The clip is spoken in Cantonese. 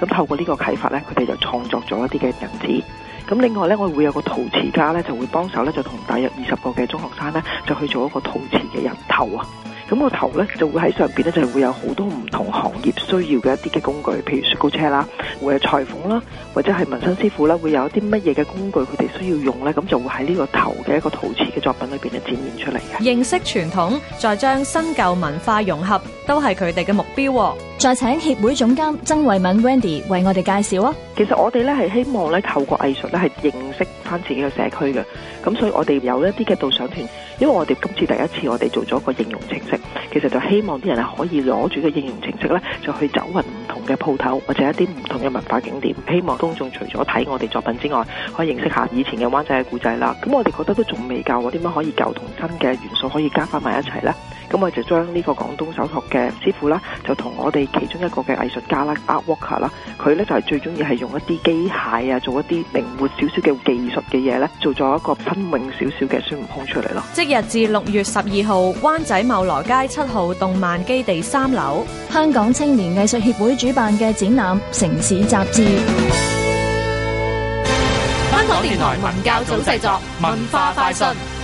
咁透過呢個啟發呢，佢哋就創作咗一啲嘅人頭。咁另外呢，我會有個陶瓷家呢，就會幫手呢，就同大約二十個嘅中學生呢，就去做一個陶瓷嘅人頭啊。咁個頭咧就會喺上邊咧就係會有好多唔同行業需要嘅一啲嘅工具，譬如雪糕車啦，會有裁縫啦，或者係紋身師傅啦，會有一啲乜嘢嘅工具佢哋需要用咧，咁就會喺呢個頭嘅一個陶瓷嘅作品裏邊咧展現出嚟嘅。認識傳統，再將新舊文化融合，都係佢哋嘅目標。再請協會總監曾慧敏 Wendy 為我哋介紹啊。其實我哋咧係希望咧透過藝術咧係認識翻自己嘅社區嘅。咁所以我哋有一啲嘅導賞團，因為我哋今次第一次我哋做咗一個應用程式。其實就希望啲人係可以攞住個應用程式咧，就去走勻唔同嘅鋪頭或者一啲唔同嘅文化景點，希望公眾除咗睇我哋作品之外，可以認識下以前嘅灣仔嘅故仔啦。咁我哋覺得都仲未夠，點樣可以舊同新嘅元素可以加翻埋一齊呢？咁我就將呢個廣東手托嘅師傅啦，就同我哋其中一個嘅藝術家啦 Art Worker 啦，佢咧、er, 就係最中意係用一啲機械啊，做一啲靈活少少嘅技術嘅嘢咧，做咗一個噴泳少少嘅孫悟空出嚟咯。即日至六月十二號，灣仔茂羅街七號動漫基地三樓，香港青年藝術協會主辦嘅展覽《城市雜誌》。香港電台文教組製作，文化快訊。